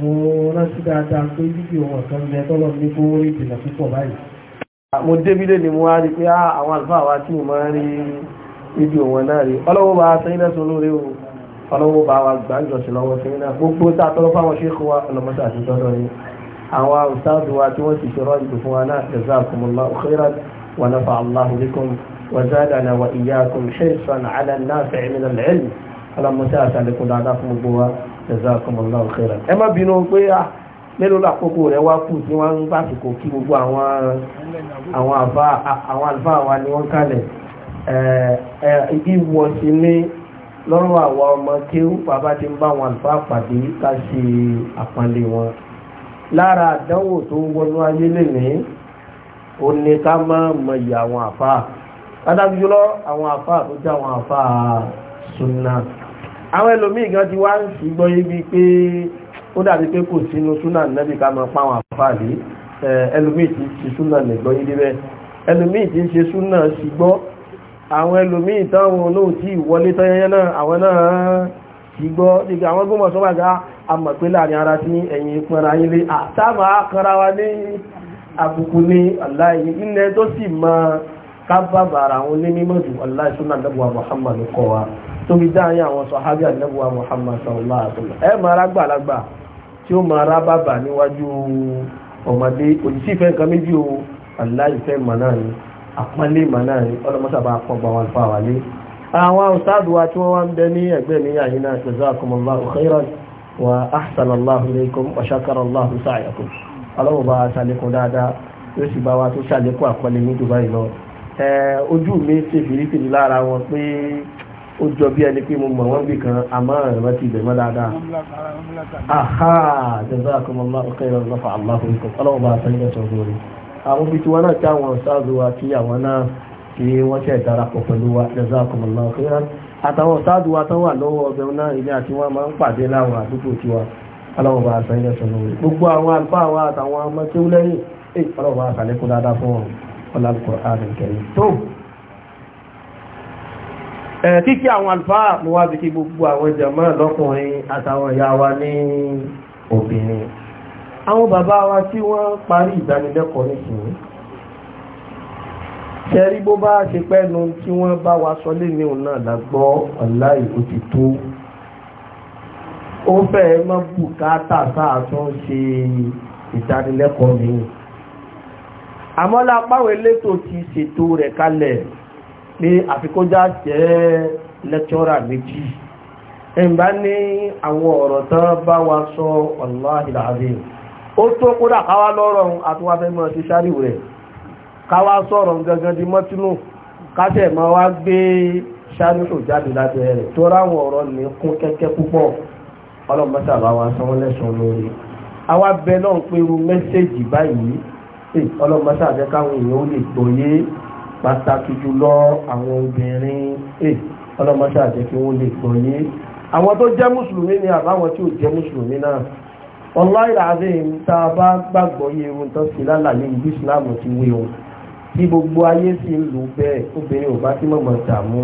mo rántí dáadáa pé fídíò wọn kan jẹ tọ́lọ̀ ní kó rí ìdìnà púpọ̀ báyìí. mo débílé ni mo wá rí pé ah, àwọn àlùfáà wa tí mo máa ń rí fídíò wọn náà rí ọlọ́wọ́ bá sẹ́yìn náà o ọlọ́wọ́ bá wa gbà lọ́wọ́ sẹ́yìn náà gbogbo tá a tọ́lọ́ fáwọn ṣe rọ́ọ̀dù fún wa náà jazakumullahu àti àlékún jazakumullahu khairan ẹ má bínú pé à mélòó làkókò rẹ̀ wá kù tí wọ́n ń bàtìkò kí gbogbo àwọn àwọn àlùfáà wa ni wọ́n kalẹ̀ ìwọ̀ sí ní lọ́rọ̀ àwa ọmọ kéwú bàbá ti ń bá àwọn àlùfáà pàdé ká ṣe àpọ́nlé wọn lára àdánwò tó ń wọnú ayé lénìí ó ní ká má mọyì àwọn àfáà látàbí jùlọ àwọn àfáà tó jẹ́ àwọn àfáà sunna àwọn ẹlòmíì gan ti wá ń ṣùgbọ́n ibi pé ó dàbí pé kò sínú súnà nẹ́bí ká máa pa àwọn àfáàlì ẹlòmíì ti ṣe súnà nẹ̀gbọ́ yìí débẹ̀ ẹlòmíì ti ṣe súnà ṣùgbọ́n àwọn ẹlòmíì táwọn olóò tí ìwọlé tọ́yẹyẹ náà àwọn náà ti gbọ́ nígbà àwọn gómọ̀ sọ́gbà gá àmọ̀ pé láàrin ara sí ẹ̀yìn ìpínra Muhammadu kọwa tóbi dáhìn àwọn sọ̀hábí àdínẹ́bùwà Muhammad sallallahu alaihi wasallam ẹ máa rágbàlagbà tí ó máa rá bàbà níwájú ọmọdé òjìṣẹ́ ìfẹ́ nǹkan méjì o aláìfẹ́ mà náà ni àpọ́nlé mà náà ni ọlọ́mọsábà àpọ́gbà wọn fà wálé àwọn ustaadu wa tí wọ́n wá ń bẹ ní ẹgbẹ́ ní àyín náà jazakumullahu khairan wa ahsanallahu ilaykum wa shakarallahu sa'yakum ọlọ́wọ́ bá ṣàlékún dáadáa yóò sì ó jọ bí ẹni pé mo mọ̀ wọ́n bì kan àmọ́ ẹ̀rọ ti bẹ̀ mọ́ dáadáa. aha jazakumullahu khairan lọ́fà aláhùn ikọ̀ ọlọ́wọ́ bá a sẹ́yìn ẹ̀sọ́ lórí. àwọn ibi tí wọ́n náà tí àwọn ṣáàzù wa tí àwọn náà tí wọ́n ṣẹ̀ darapọ̀ pẹ̀lú wa jazakumullahu khairan àtàwọn ṣáàzù wa tán wà lọ́wọ́ ọbẹ̀ náà ilé àti wọn máa ń pàdé láwọn àdúgbò tiwa ọlọ́wọ́ bá a sẹ́yìn ẹ̀sọ́ lórí. gbogbo àwọn àlùfáà wa àtàwọn ọmọ kíkí àwọn alfáà ló wá bí kí gbogbo àwọn jàmáà lọ́kùnrin àtàwọn ìyá wa ní obìnrin àwọn bàbá wa tí wọ́n parí ìdánilẹ́kọ̀ọ́ nísìnyí ṣẹ́rí bó bá ṣe pẹ́nu tí wọ́n bá wa sọ lé ní òun náà lágbọ́ ọ̀láì ó ti tó ó fẹ́ mọ́ bùkátà sáà tún ṣe ìdánilẹ́kọ̀ọ́ mi àmọ́ lápáwọn elétò ti ṣètò rẹ̀ kalẹ̀ pé àfikójá jẹ́ lẹ́kṣọ́rà méjì ẹ̀mbá ní àwọn ọ̀rọ̀ tán bá wa sọ ọ̀láhìláàrí ó tó kódà káwá lọ́rọ̀ àtúwáfẹ́mọ́ ti sáré rẹ̀ káwá sọ̀rọ̀ gangan di mọ́tínú kásẹ̀ mọ́ wá gbé sáré òjáde lábẹ́ rẹ̀ tó ráwọn ọ̀rọ̀ ní kún kẹ́kẹ́ púpọ̀ ọlọ́mọ́sà bá wa sanwó lẹ́sàn lórí àwa bẹ náà pé mẹ́sẹ̀jì báyìí ọlọ́mọ́sà fẹ́ káwọn èèyàn ó lè gbọ́yé pàtàkì jùlọ àwọn obìnrin ẹ̀ eh, ọlọ́mọṣẹ́ àti kí wọ́n lè gbọ́ yé àwọn tó jẹ́ mùsùlùmí ni àbáwọn tí ò jẹ́ mùsùlùmí náà wallahi alazim tá a bá gbàgbọ́ yé irun tó ṣe lálàyé ìlú ìsìláàmù ti wé o tí gbogbo ayé sì ń lò bẹ́ẹ̀ obìnrin ò bá sí mọ̀mọ́ dààmú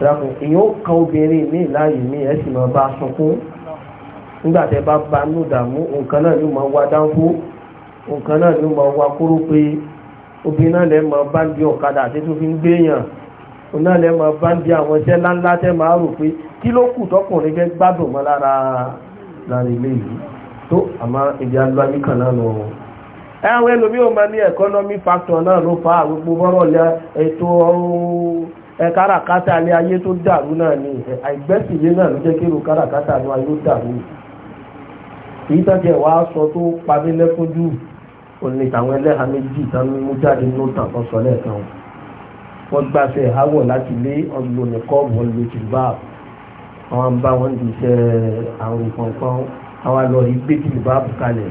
ìdáàbò èèyàn ó kan obìnrin ní ìláyè ní ẹ̀ sì máa bá sunkún nígbà tẹ́ bá banú dààmú nǹkan náà ni ó máa wá dáńfó nǹkan náà ni ó máa wá kóró pé obìnrin náà lẹ́ẹ̀ máa bá ń di ọ̀kadà àti tó fi ń gbéyàn òun náà lẹ́ẹ̀ máa bá ń di àwọn iṣẹ́ ńláńlá tẹ́ máa rò pé kí ló kù tọkùnrin fẹ́ gbádùn mọ́ lára lára ilé yìí tó àmọ́ ibi alúwájú kan náà lọ. ẹ̀wọ̀n ẹlòmí ò máa ní economy factor náà ló fa àgbègbè bọ́rọ̀ lẹ ètò káràkátà ní ayé tó dàrú ni àìgbẹ́sìlé náà ló jẹ́ kí irú káràkátà ní òní tàwọn ẹlẹ́ha méjì tán mú jáde lóòótọ́ kan sọ lẹ́ẹ̀kan o wọ́n gbàṣẹ ìháwọ̀ láti lé ọgbọ̀n nìkọ́ wọ́n lè ti bá àwọn bá wọn di iṣẹ́ àrùn pọ̀npọ̀n àwọn lọ rí gbé tìlú bá bù kalẹ̀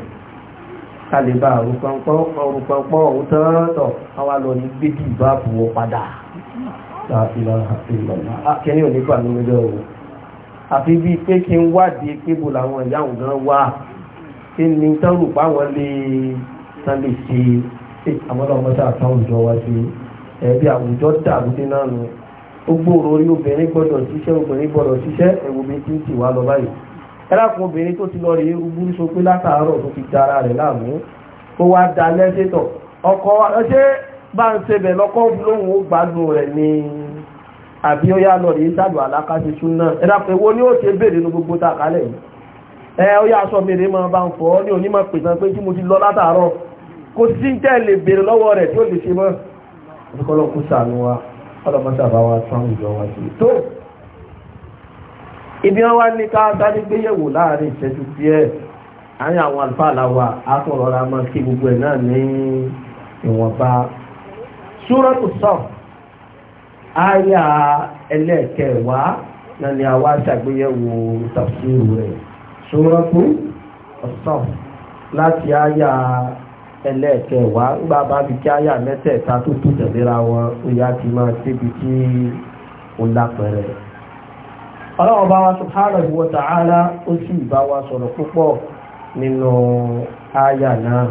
kalẹ̀ bá àrùn pọ̀npọ̀n àrùn pọ̀npọ̀n ọ̀hún tọ́tọ̀ àwọn lọ rí gbé tìlú bù wọ padà ah, kẹ́ni ò ní bà mí lọ́wọ́ o àfi bíi pé kí n wádìí pé bò làwọn ìyá òun gan wà kí ni tọ́rù báwọn lè sunday ṣe ṣe àwọn ọmọdé àtàwùjọ wa ṣe ẹbí eh, àwùjọ dàrú dé náà nù ó gbòòrò orí obìnrin gbọ́dọ̀ ṣiṣẹ́ obìnrin gbọ́dọ̀ ṣiṣẹ́ ẹ̀wò mi ti ń tì wá lọ báyìí ẹlẹ́kùn obìnrin tó ti lọ rèé rúgbúrú so pé látàárọ̀ tó fi da ara rẹ̀ láàmú ó wá da lẹ́sẹ̀tọ̀ ọkọ ṣé bá ń ṣebẹ̀ lọ́kọ́ lóhùn ó gbádùn rẹ̀ ni àbí ó yá lọ rèé sàlù àlákàṣe tún náà ẹlẹ́kùn èwo ni ó ṣe béèrè ní gbogbo tàkálẹ̀ yìí ẹ ó yá aṣọ mi rèé máa bá ń fọ́ ní onímọ̀ pè kò sí tẹ́ lè bèèrè lọ́wọ́ rẹ̀ tó lè ṣe mọ́ ọdúnkọ́lọ́kú sàánú wa ọlọ́mọ́sàbá wa tán ìjọ wa sí tó ibi wọn wá ní ká sáré gbéyẹ̀wò láàrin ìṣẹ́jú díẹ̀ àárín àwọn àlùfáà làwà àtọ̀rọ̀ra máa kí gbogbo ẹ̀ náà ní ìwọ̀nba súrọ́tù sọ àyà ẹlẹ́ẹ̀kẹwàá náà ni àwa ṣàgbéyẹ̀wò tàfsírù rẹ̀ súrọ́tù sọ láti àyà ẹlẹ́ẹ̀kẹwàá ńgbà bá fi kí àyà mẹ́tẹ̀ẹ̀ta tó tù tẹ̀léra wọn oyà ti máa débi tí ó lápẹ̀rẹ̀. ọlọ́run bá wa subhanahu wa ta'ala ó sì bá wa sọ̀rọ̀ púpọ̀ nínú àyà náà.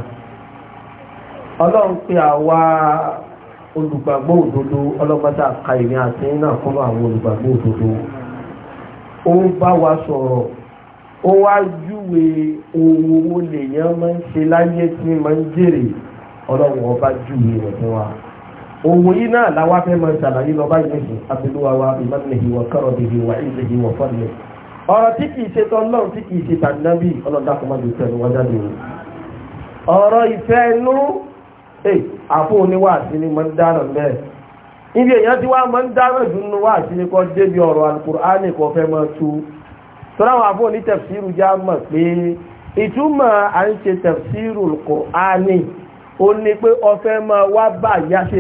ọlọ́run pé àwa olùgbàgbọ́ òdodo ọlọ́gbàtà ka àti náà fún àwọn olùgbàgbọ́ òdodo ó bá wa sọ̀rọ̀ ó wá júwe ohun owó lèèyàn máa ń ṣe láyé tí máa ń jèrè ọba júwe rẹ̀ fún wa ohun yìí náà làwa fẹ́ máa ṣàlàyé lọ́ba ìmẹ̀sì abdulluwa wa ìmọ̀lẹ́hìn wa kọ́rọ̀ bèbè wa ìlẹ̀hìn wa fọ́lẹ̀ ọ̀rọ̀ tí kìí ṣe tọ́lọ́run tí kìí ṣe jáde ọ̀rọ̀ ìfẹ́ inú eh, ni tọ́láwọn àbọ̀ ní tẹ̀fsíìrù já mọ̀ pé ìtumọ̀ à ń ṣe tẹ̀fsíìrù Kùránì ó ní pé ọfẹ́ máa wá bàyá ṣe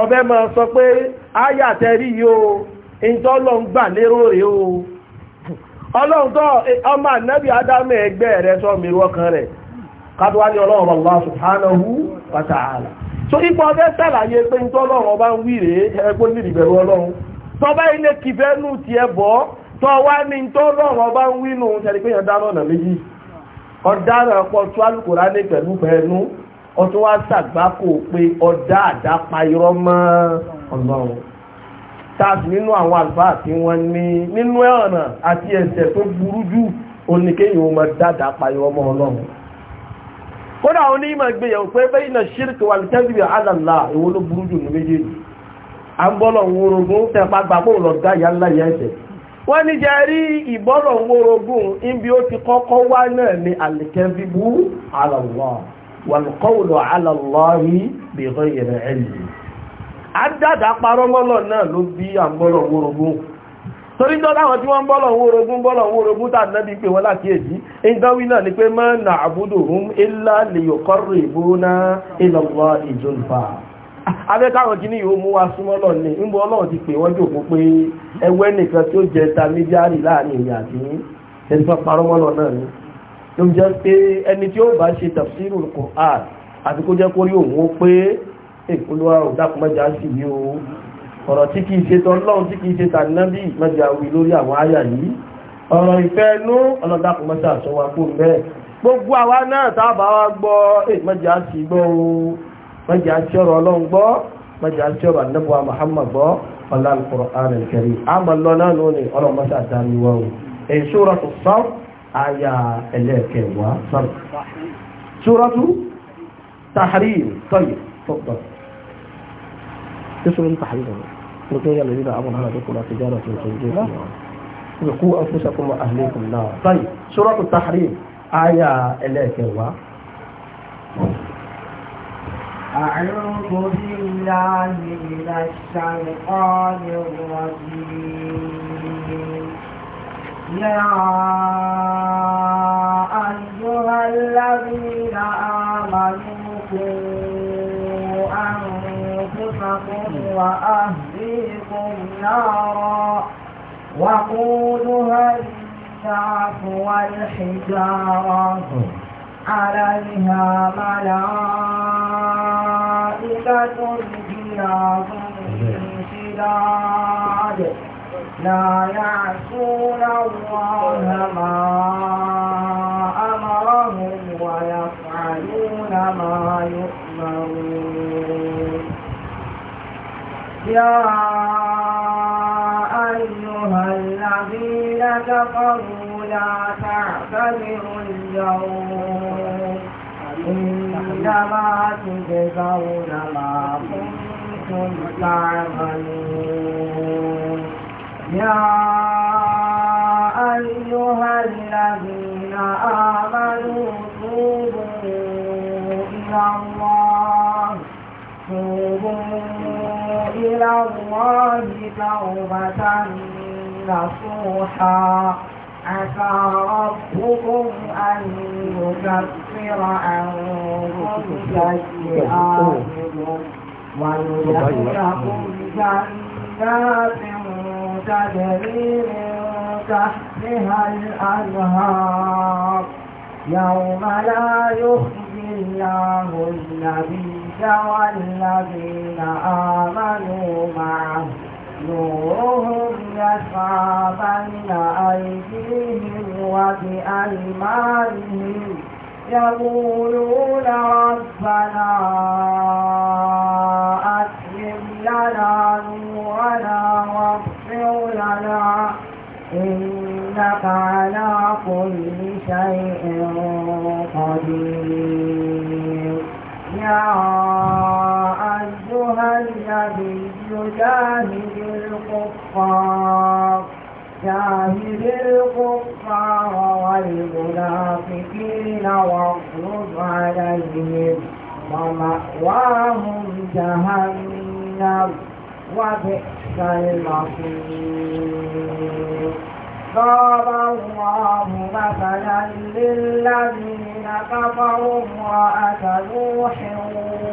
ọfẹ́ sọ pé áyàtẹ̀rí yóò ìjọ́lọ́ ń gbà lérò rẹ̀ o ọlọ́run ọmọ ànábì adámẹ́ ẹgbẹ́ sọ mìírù ọkàn rẹ̀ ní ọlọ́run ọlọ́run tọ́ba ilé kìfẹ́ nù tiẹ̀ bọ́ tọ́ wá ní tó lọ́rọ̀ bá ń wí nù sẹ́ni pé yẹn dáná ọ̀nà méjì ọ̀daràn pọ̀ tó alukóra ní pẹ̀lú pẹ̀lú ọtún wá sàgbákò pé ọ̀dá àdápa irọ́ mọ́ ọlọ́run tàbí nínú àwọn àlùfáà tí wọ́n ní nínú ọ̀nà àti ẹ̀ṣẹ̀ tó burú jù oníkéyìn ọmọ dáadáa pa irọ́ mọ́ ọlọ́run kódà onímọ̀ gbéyàwó pé bẹ́ẹ̀ iná ṣírkì wà lùtẹ́bìrì àlàlà ìwọ́n ló burú jù ní méjèèjì agbọ́lọ̀ ń worogún tẹpa gbàgbó lọ́gá ìyá ńlá ìyá ẹ̀sẹ̀ wọ́n ní jẹ́ rí ìbọ́lọ̀ ń worogún níbi ó ti kọ́kọ́ wá náà ní àlìkẹ́bíbú ala Allah wàlùkọ́wùlù ala Allahi bi ghayri ilmi parọ́mọ́lọ̀ náà ló bí àgbọ́lọ̀ torí jọ láwọn tí wọ́n pé wọ́n láti abẹ́káwọn kìíní yóò mú wa súnmọ́ lọ ní ń bọ́ ọlọ́run ti pè wọ́n jòkó pé ẹwẹ́ nìkan tí ó jẹ intermediary láàrin ìyá àti ẹni tó parọ́ náà ni ló ń jẹ́ pé ẹni tí ó bá ṣe tafsiru Qur'an àti kó jẹ́ kó rí òun ó pé ìpolówó àrùn dákúmọ́jà sì ní o ọ̀rọ̀ tí kìí ṣe tọ́lọ́run tí kìí ṣe tànábì mọ́jà wí lórí àwọn àyà yìí ọ̀rọ̀ ìfẹ́ inú ọlọ́dàkùnmọ́sà sọ wa bẹ́ẹ̀ gbogbo àwa náà tábà wa gbọ́ èèmọ́jà sì gbọ́ o mọ́jà tíọ́rọ̀ ọlọ́run gbọ́ mọ́jà tíọ́rọ̀ àdẹ́bọ̀ Muhammad gbọ́ ọlá al-Qur'an al-Karim àmọ́ lọ́nà lónìí ọlọ́run mọ́sá dání wọ́n o èyí Suratu Saf àyà ẹlẹ́ẹ̀kẹwàá Saf Suratu Tahrim tọ́yì tọ́tọ̀ Suratu Tahrim لكي الذين آمنوا هل تكون تجارة تنجيكم وقوا أنفسكم وأهليكم طيب سورة التحريم آية إليك أعوذ بالله من الشيطان الرجيم يا أيها الذين آمنوا قوا أنفسكم وأهليكم نارا وقودها الناس والحجارة عليها ملائكة غلاظ شداد لا يعصون الله ما أمرهم ويفعلون ما يؤمرون يا أيها الذين كفروا لا تعتذروا اليوم إنما تجزون ما كنتم تعملون يا أيها الذين آمنوا توبوا إلى الله توبوا إلى الله توبة نصوحا عسى ربكم أن يكفر عنكم سيئاتكم ويدخلكم جنات تجري من تحتها الأنهار يوم لا يخزي الله النبي والذين آمنوا معه نورهم يسعى بين أيديهم وبأيمانهم يقولون ربنا أسلم لنا نورنا واغفر لنا إنك على كل شيء قدير يا أيها أيها النبي جاهد الكفار جاهد الكفار والمنافقين واغلظ عليهم ومأواهم جهنم وبئس المصير ضرب الله مثلا للذين كفروا امرأة نوح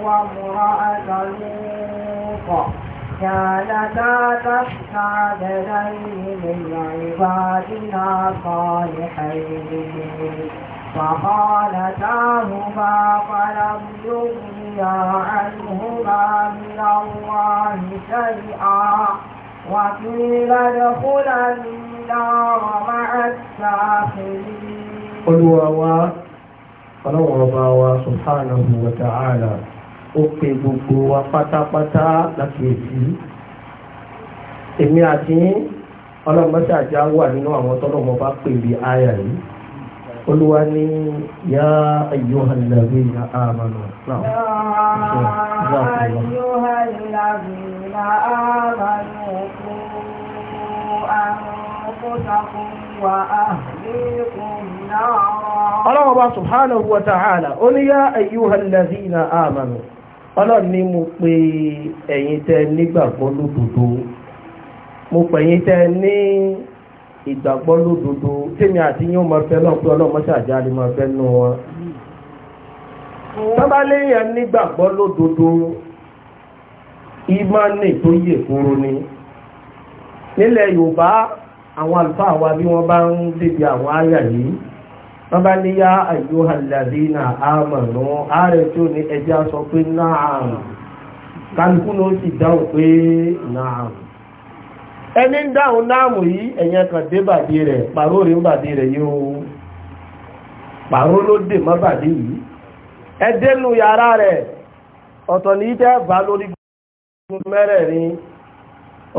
وامرأة لوط كانتا تحت عبدين من عبادنا صالحين فخالتاهما فلم يغنيا عنهما من الله شيئا وقيل ادخلا النار مع الساخرين قل وهو فلو الله سبحانه وتعالى ó pe gbogbo wa pátápátá láti èsì èmi àti ọlọ́mọdé àjá wà nínú àwọn tọ́lọ́mọ bá pè bí àyà yìí olúwa ní yá ayyuhal ladhina amanu náà yá subhanahu wa ta'ala, ó ya yá ayyuhal ladhina amanu ọlọ́run ní mo pe ẹ̀yin tẹ́ nígbàgbọ́ lódodo mo pè yín tẹ́ ní ìgbàgbọ́ lódodo tèmi àti yín ó máa fẹ́ náà pé ọlọ́run mọ́ṣáà jáde máa fẹ́ nù wọn. tọ́ba léèyàn nígbàgbọ́ lódodo ìmánì tó yè kúrò ni nílẹ̀ yorùbá àwọn àlùfáà wa bí wọ́n bá ń débi àwọn àyà yìí wọ́n ya ní yá na amanu ààrẹ tí ní ẹjẹ́ sọ pé náà kálukú ló sì dáhùn pé náà ẹni ń dáhùn náàmù yìí ẹ̀yẹn kan dé bàdí rẹ̀ pàró rí ń bàdí rẹ̀ yóò pàró ló dè mọ́ bàdí yìí ẹ dénú yàrá rẹ̀ ọ̀tọ̀ ní tẹ́ bá lórí gbogbo mẹ́rẹ̀ẹ̀rin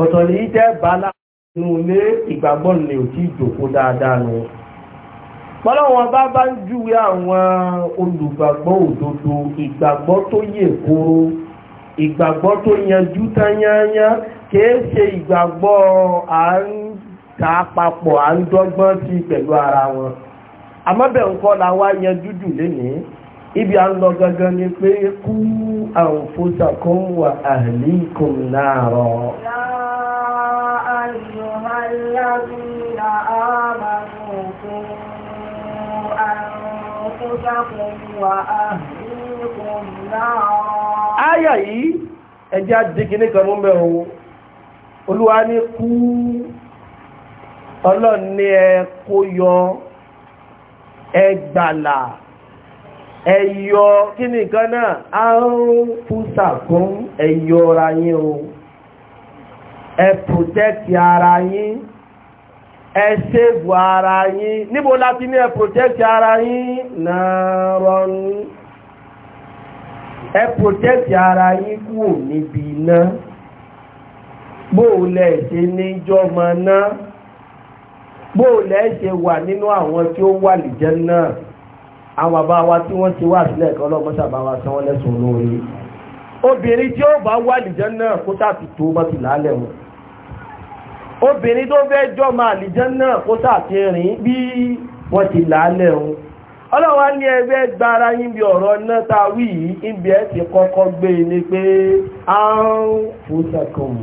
ọ̀tọ̀ ní tẹ́ bá láàrin ilé ìgbàgbọ́ ni ò tí dáadáa nù. pọ́lọ́wọ́n bá bá ń júwe àwọn olùgbàgbọ́ òdòdó ìgbàgbọ́ tó yè kóró ìgbàgbọ́ tó yanjú tányányá kìí ṣe ìgbàgbọ́ à ń ta papọ̀ à ń dọ́gbọ́n ti pẹ̀lú ara wọn àmọ́bẹ̀ nǹkan la wá lénìí ibi آمنوا Aya وأهليكم نارا آية yìí ẹjẹ́ àdìkíní kan mú mẹ́ o olúwa ní kú ọlọ́run ní ẹ kó yọ kí náà ń o ẹ protect ara ese ṣèbù ara yín níbo láti ní ẹ ara yín nàárọ̀n ẹ protect ara yi kúrò níbi iná bóòlẹ̀ ṣe ese náà bóòlẹ̀ ṣe wà nínú àwọn tí ó wà lìjẹ́ náà àwọn bàbá wa tí wọ́n ti wà sílẹ̀ kan wa sanwó olóore obìnrin tí ó bá wà lìjẹ́ náà kó sáà tó bá ti wọn. obìnrin tó fẹ́ jọ máa lìjẹ́ náà kó sàfihàn bí wọ́n ti láálẹ̀ ohun ọlọ́wà ní ẹgbẹ́ gbára yínbi ọ̀rọ̀ náà ta wí níbi ẹ̀ ti kọ́kọ́ gbé e ní pé àrùn fúsàkùn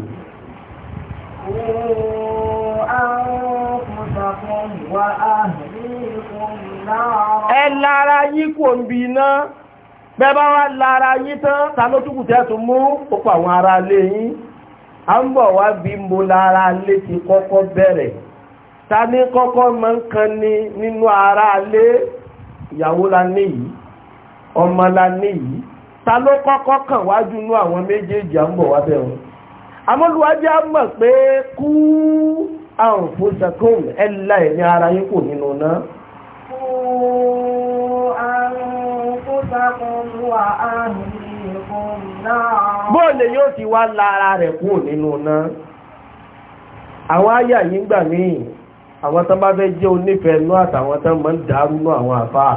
ẹ wá lára yí tán ta ló túkù tẹ́ tún mú àwọn ará a ń bọ̀ wá bí mo lára alé ti kọ́kọ́ bẹ̀rẹ̀ ta ní kọ́kọ́ mọ́ ń kan ní nínú ara alé ìyàwó la ní yìí la ní yìí ta ló kọ́kọ́ kàn wájú nú àwọn méjèèjì à ń wá bẹ̀ wọn kú ẹ̀ ara yín kò nínú náà. kú wà bóòlè yóò ti wá lára rẹ̀ kúrò nínú náà àwọn àyà yìí gbà míì àwọn tán bá fẹ́ jẹ́ onífẹ̀ẹ́ àtàwọn tán máa ń àwọn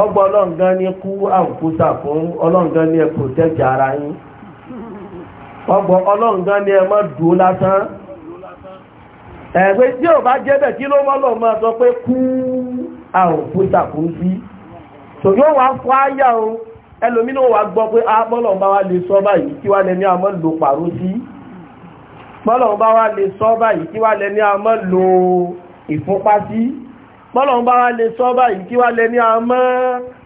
ọgbọ ọlọ́ǹgán ní kú àǹkúsà fún ọlọ́ǹgán ní ara yi. ọgbọ ọlọ́ǹgán ní ẹ má dúó ẹ̀gbẹ́ tí ò bá jẹ́ kí ló mọ́lọ̀ máa sọ pé kú fún sí o ẹlòmínú wa gbọ́ pé a ah, bọ́lọ̀ bá wá lè sọ báyìí kí wá lẹ́ni àmọ́ lò pàró sí bọ́lọ̀ bá wá lè sọ báyìí kí wá lẹ́ni àmọ́ lò ìfúnpá sí bọ́lọ̀ bá wá lè sọ báyìí kí wá lẹ́ni àmọ́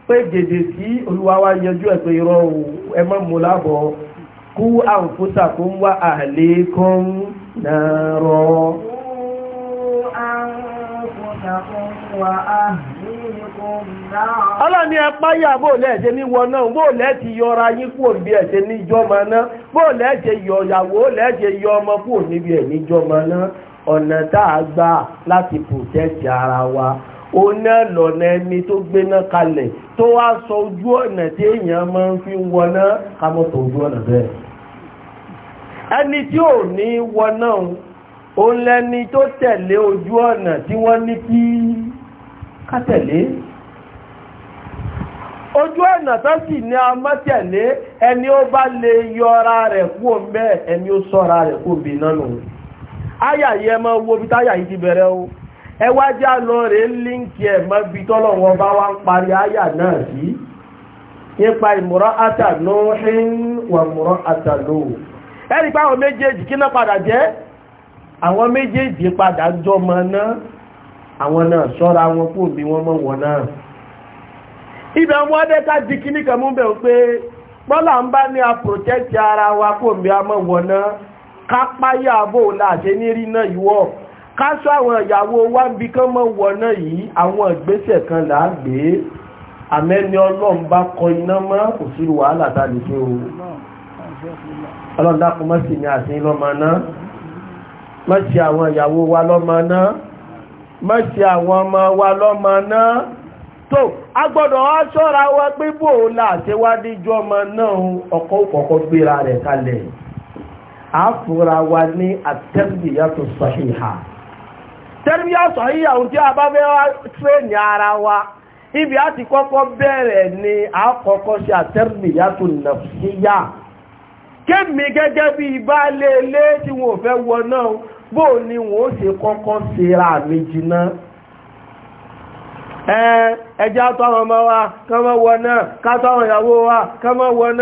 pé gèdè sí olúwa wa yẹjú ẹ̀pẹ́ irọ́ ẹmọ́ mú lábọ̀ kú anfusakum wa ahlikum naro. Kú anfusakum wa ahlikum ọlọ́ni ẹpáyà bóòlẹ́ ṣe ní wọn náà bóòlẹ́ ti yọra yín kúrò bí ẹ̀ ṣe níjọ́mọ náà bóòlẹ́ ṣe yọ ìyàwó lẹ́ṣe yọ ọmọ kúrò níbi ẹ̀ níjọ́mọ náà ọ̀nà tá gbà láti pòtẹ́ẹ̀tì ara wa oná lọ̀nà ẹni tó gbéná kalẹ̀ tó wá sọ ojú ọ̀nà tí èèyàn máa ń fi wọná kámọ́tò ojú ọ̀nà bẹ́ẹ̀ ẹni tí ò ní wọná òun lẹni tó tẹ̀lé ojú ọ̀nà tí wọ́n ní kí ká tẹ̀lé ojú ọ̀nà tó sì ní ẹni ó bá lè yọra rẹ̀ kú mẹ́ ẹni ó sọ́ra rẹ̀ kú òmbì náà nù ayàyẹ mọ́ owó bí táyà yìí ti bẹ̀rẹ̀ o rẹ̀ líǹkì ẹ̀ mọ́ bí tọ́lọ̀wọ́ bá wá ń parí ayà náà sí nípa wà ibẹ̀ mú ọdẹ́ ká di kí níkà mú bẹ̀ pé bọ́lá ń bá ní a protect ara wa kò bí a mọ̀ wọ̀ná ká páyà bò láàṣẹ ní rí náà ìwọ̀ ká sọ àwọn ìyàwó wa ń bí kán mọ̀ wọ̀ná yìí àwọn ìgbésẹ̀ kan là á gbé àmẹ́ni ọlọ́run bá kọ iná mọ́ kò sí wàhálà tá a o ọlọ́run dákun mọ́sí ni àsìn lọ́mọ náà mọ́sí àwọn ìyàwó wa lọ́mọ náà mọ́sí àwọn ọmọ wa lọ́mọ tó a wá ṣọ́ra wa pé bò ó là ṣe wá díjú ọmọ náà ọkọ̀ gbéra rẹ̀ a wa ní àtẹ́bìyàtò sàhíhà tẹ́lifíà sàhíhà ohun tí a bá fẹ́ wá ara wa ibi a kọ́kọ́ bẹ̀rẹ̀ ni a kọ́kọ́ ṣe àtẹ́bìyàtò nàfíyà kémi gẹ́gẹ́ bí ìbálẹ̀ ti tí wọ́n fẹ́ wọ náà bó ni wọ́n ṣe kọ́kọ́ ṣe ra mi ẹjẹ́ àtọ́wọ̀n ọmọ wa kọmọ wọn náà wa kọmọ wọn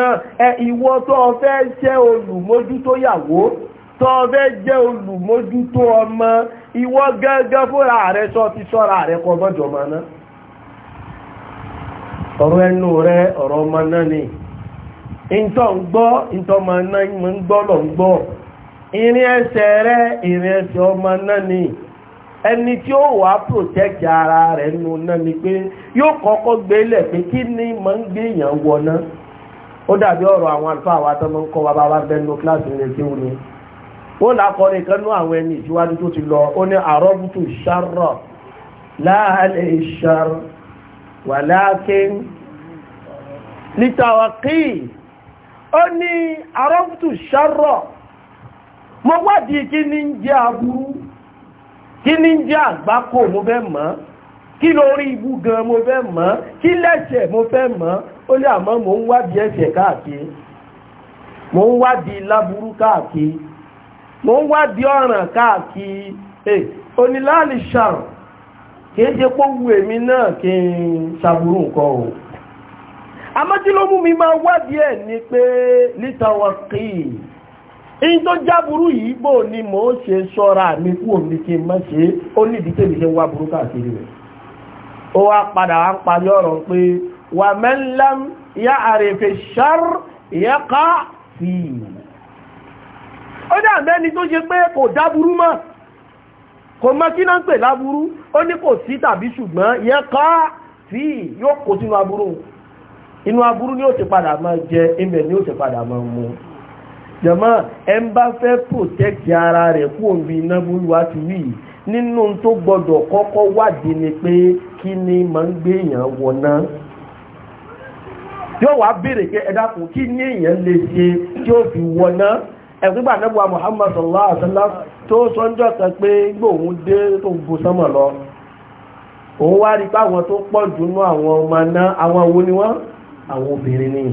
ẹ ìwọ tó jẹ́ olùmójútó yàwó tó fẹ́ jẹ́ olùmójútó ọmọ ìwọ gẹ́gẹ́ fúnra rẹ̀ sọ ti sọ́ra rẹ̀ kọ mọ́jọ ọmọ ọ̀rọ̀ ẹnu rẹ̀ ọ̀rọ̀ ọmọ náà ni ìntọ́ ń gbọ́ ìntọ́ ọmọ náà ń gbọ́ lọ ń gbọ́ ìrìn ẹsẹ̀ rẹ̀ ìrìn ẹsẹ̀ ni ẹni tí ó wà protect ara rẹ̀ nu náà ni pé yóò kọ́kọ́ gbé lẹ̀ pé kí ni mò ń gbìyàn wọná ó dàbí ọ̀rọ̀ àwọn àlùfáà wa tó máa ń kọ́ wa bá wa bẹ́ẹ̀ nu kíláàsì rẹ̀ tí ó ní ó làkọrin kan ní àwọn ẹni ìṣíwájú tó ti lọ ó ní àrọ́bùtù ṣàrọ̀ láàlẹ̀ ìṣàrọ̀ wàláàkín lítàwàkí ó ní àrọ́bùtù ṣàrọ̀ mo wádìí kí ni ń jẹ́ aburú kí ní jẹ́ àgbákò mo fẹ́ mọ̀ kí lórí ibú gan mo fẹ́ mọ̀ kí lẹ́sẹ̀ mo fẹ́ mọ̀ ó lé àmọ́ mò ń wádìí ẹ̀ṣẹ̀ káàkiri mò ń wádìí láburú káàkiri mò ń wádìí ọ̀ràn káàkiri ẹ̀ oníláàlì ṣàrùn kìí ṣe pọ́ wu èmi náà kí n ṣàbúrú nǹkan o àmọ́ tí ló mú mi máa wádìí ẹ̀ ni pé lítàwọ̀ kìí in tó jáburú yìí bò ni mò ń ṣe ṣọ́ra mi kú kí n ṣe ó ní ìdí tèmi ṣe ń wá burú káàkiri rẹ̀ ó wá padà wá ń parí ọ̀rọ̀ ya ṣar ká sí i ó dà tó ṣe pé kò mọ́ kò mọ́ kí náà ń pè láburú ó ní kò sí tàbí ṣùgbọ́n ìyẹ́ ni ó ti padà ni ti jẹ̀mọ́ ẹ ń bá fẹ́ protect ara rẹ̀ kú òbí iná búlúwa ti wí nínú tó gbọ́dọ̀ kọ́kọ́ wádìí ni pé kí ni máa ń gbé èèyàn wọná yóò wá béèrè pé ẹ dákun kí ni èèyàn lè ṣe tí ó fi wọná ẹ̀gbígbà nẹ́bùwà Muhammad sallallahu alaihi wasallam tó sọ́njọ́ kan pé gbóhùn dé tó gbó sánmọ̀ lọ òun wá rí pé àwọn tó pọ̀ jù nú àwọn ọmọ náà àwọn wo ni wọ́n àwọn obìnrin nìyí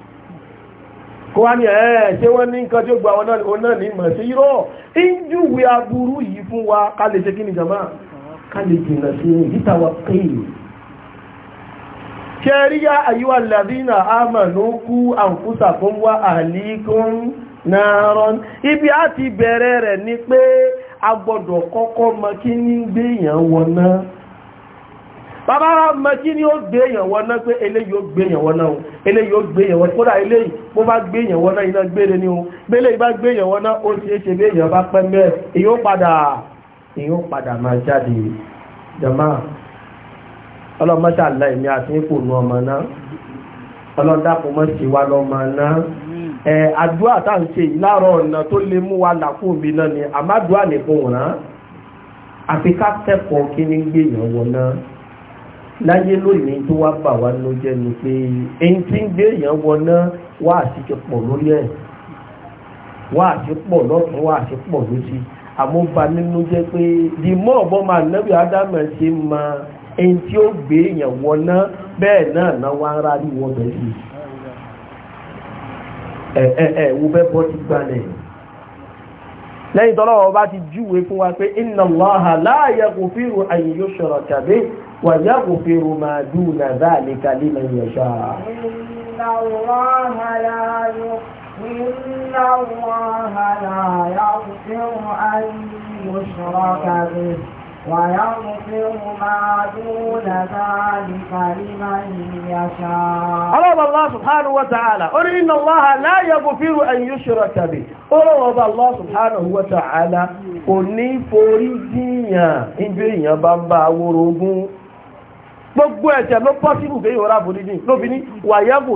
kó wá ní ẹ̀ ṣé wọ́n ní nǹkan tí ó gba wọn náà ní ìmọ̀ agbúrú yìí fún wa ká lè ṣe kí jama ká lè jìnà sí ṣe rí yá kú àǹkúsà fún wa àlíkún ibi a ti bẹ̀rẹ̀ rẹ̀ ni pé kọ́kọ́ kí ní bàbára mẹ́kí ni ó gbé èèyàn wọná pé eléyìí ó gbé wọná o eléyìí ó gbé èèyàn wọná kódà eléyìí bó bá gbé wọná iná gbére ni o bẹ́lẹ̀ bá gbé wọná ó ti ṣe bí bá pẹ́ mẹ́ padà padà máa jáde jama ọlọ́mọṣàlá èmi àti ipò nu ọmọ náà ọlọ́dàpọ̀ mọ́ sí wa lọ́mọ ẹ tá ṣe láàárọ̀ ọ̀nà tó lè mú wa náà ni nìkan wọ̀nà láyé lónìí tó wá bà wá ló jẹ́ ni pé èyí tí ń gbé èèyàn wọná wá àti pọ̀ lórí ẹ̀ wá àti pọ̀ lọ́tún wá àti pọ̀ lósì àmọ́ ba nínú jẹ́ pé the more ọ̀bọ máa nẹ́bí ádámù ẹ̀ ṣe máa èyí tí ó gbé èèyàn wọná bẹ́ẹ̀ náà náà wá ń rárí wọ́n bẹ̀ sí ẹ̀ ẹ̀ ẹ̀ wo bẹ́ bọ́ ti gbalẹ̀ lẹ́yìn tọ́lọ́wọ́ bá ti júwe fún wa pé inna Allaha la yaghfiru an yushraka bihi ويغفر ما دون ذلك لمن يشاء إن الله لا إن الله لا يغفر أن يشرك به ويغفر ما دون ذلك لمن يشاء قال الله سبحانه وتعالى قل إن الله لا يغفر أن يشرك به قل الله سبحانه وتعالى قل ní forí díyàn ìjọ èèyàn bá ń bá awórogún gbogbo ẹ̀ṣẹ̀ ló pọ́sibù fẹ́ yóò rábò dídì kò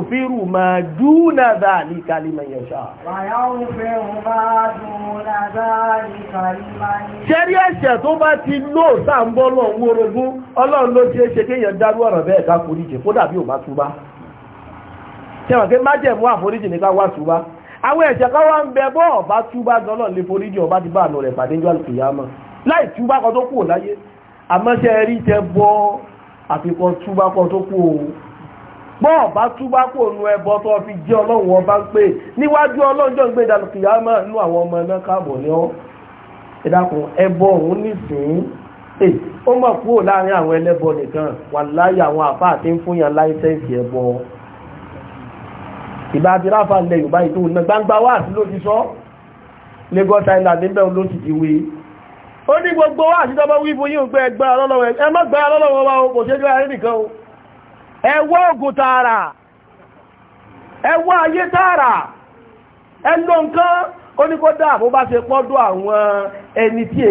fi rù máa dúnà dáàlì kálímẹ̀ yẹn ṣá. wàyá fi rù máa dúnà dáàlì kálímẹ̀ yẹn ṣá. ṣẹ́rí ẹ̀ṣẹ̀ tó bá ti lò sáàmbọ́ lọ wórogún àwọn ẹ̀ṣẹ̀ kan wá ń bẹ bọ́ ọ̀bá túbá lè foríjì ti bá rẹ̀ pàdé jọ́ láì túbá kan tó àfikọ́ túbákọ́ tó kú o bọ́ ọ̀bá túbákọ́ ònú ẹbọ tó fi jẹ́ ọlọ́run wọn bá ń pè níwájú ọlọ́jọ́ ń gbé ìdánù kìyà máa nú àwọn ọmọ náà káàbọ̀ ní ọ́ ìdákun ẹbọ òun nísìnyí ẹ ó mọ̀ kúrò láàrin àwọn ẹlẹ́bọ nìkan wà láyé àwọn àfáà àti ń fún yàn láìsẹ́ǹsì ẹbọ ìbá ti ráfà lẹ yorùbá ìtòun náà gbangba wá àti ló ti sọ Lagos Island níbẹ̀ ló ti ti ó ní gbogbo wá àṣítọ́bọ́ wí fún yín gbé ẹgbẹ́ ọlọ́lọ́wọ́ ẹ gbé ọlọ́lọ́wọ́ wa o kò ṣe gbé ayé nìkan o ògùn tààrà ayé tààrà nǹkan ó ní kó dá àbó bá ṣe pọ́dọ̀ àwọn ẹni tí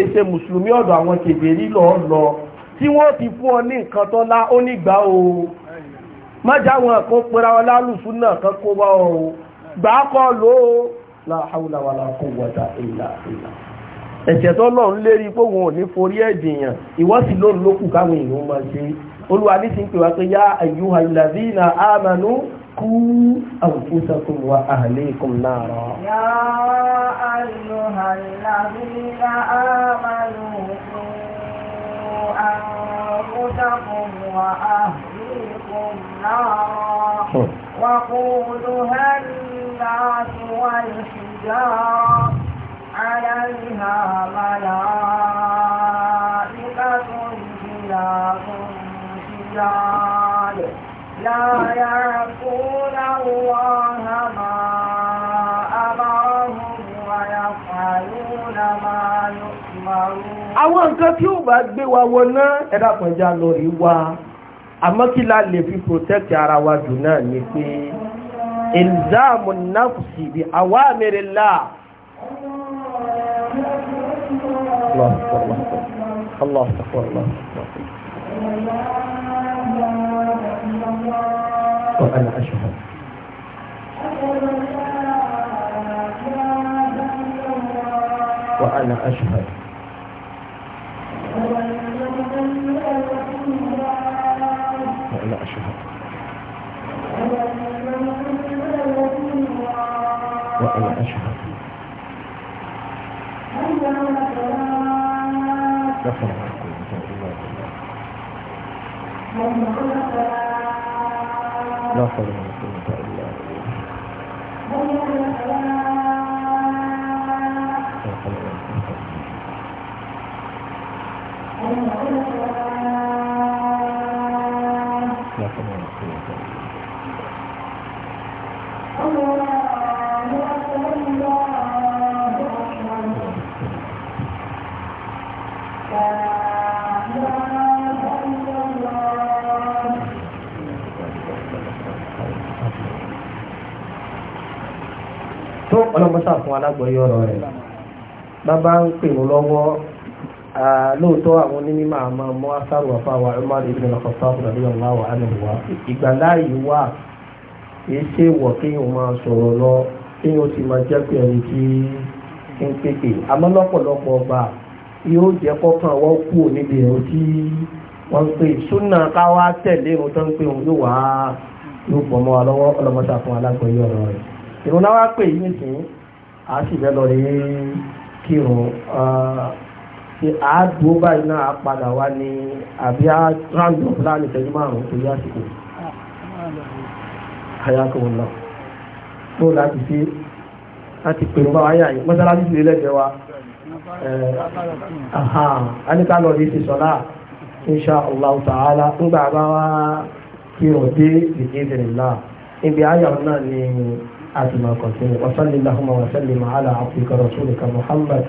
kan pera wọn náà kan kó wá o gbà la ẹ̀ṣẹ̀ tó lọ ń lérí pé òun ò ní forí ẹ̀dìyàn ìwọ́n sì ló kù káwọn èèyàn máa ṣe olúwa ti ń pè wá pé yá ayyuha alladhina amanu ku anfusakum wa ahlikum nara. yá ayyuha alladhina amanu ku anfusakum wa ahlikum nara hmm. wa qudha an-nas wal-hijara. عليها ملائكة غلاظ شداد لا يعصون الله ما أمرهم ويفعلون ما يؤمرون àwọn nǹkan tí ó bá gbé wa wọná ẹ̀dàpọ̀já lọ rí wa àmọ́ kí la lè fi protect ara wa jù náà ni pé ilzamu nafsi bi awamirillah الله أكبر الله أكبر الله أكبر الله أكبر وأنا أشهد وأنا أشهد وأنا أشهد وأنا أشهد だからかっこいいみたいな言わます。ラッサルの fún alágbọ̀yé ọ̀rọ̀ rẹ̀ bàbá ń pè mú lọ́wọ́ lóòótọ́ àwọn onímọ̀ àmọ́ mọ́ asáró àfa wa Umar ibn al-Khattab radiyallahu anhu wa ìgbà láàyè wà kìí ṣe wọ̀ kéèyàn máa sọ̀rọ̀ lọ kéèyàn ó sì máa jẹ́ pé ẹni tí ń pèpè àmọ́ lọ́pọ̀lọpọ̀ ọgbà yóò jẹ́ kọ́kàn wọ́n kú níbi ẹ̀rọ tí wọ́n pè súnà káwá tẹ̀lé irun tó ń pè wọn yóò wá yóò pọ̀ mọ́ wa lọ́wọ́ ọlọ́mọta fún alágbọ̀yé ọ̀rọ̀ rẹ̀ ìrún náà wá pè yí nìsín a sì fẹ́ lọ rí kírun ṣe àádùn báyìí náà padà wá ní àbí a round of land ìṣẹ́jú márùn-ún tó yá àsìkò àyàkùn náà tó láti ṣe láti pèrò bá wáyà yìí mọ́sálásí ti lẹ́gbẹ̀ẹ́ wa a ní ká lọ rí ti sọ́lá insha Allah ta'ala ńgbà bá wá kírun dé ìdí ìdìrìlá ibi àyà náà ni ما قلتني وصل اللهم وسلم على عبدك رسولك محمد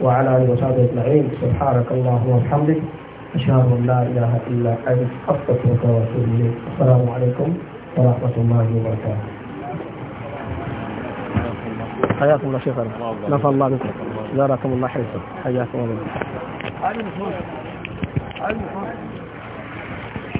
وعلى اله وصحبه اجمعين سبحانك اللهم وبحمدك اشهد ان لا اله الا انت استغفرك واتوب اليك السلام عليكم ورحمه الله وبركاته حياكم الله شيخنا نفع الله بكم جزاكم الله خيرا حياكم الله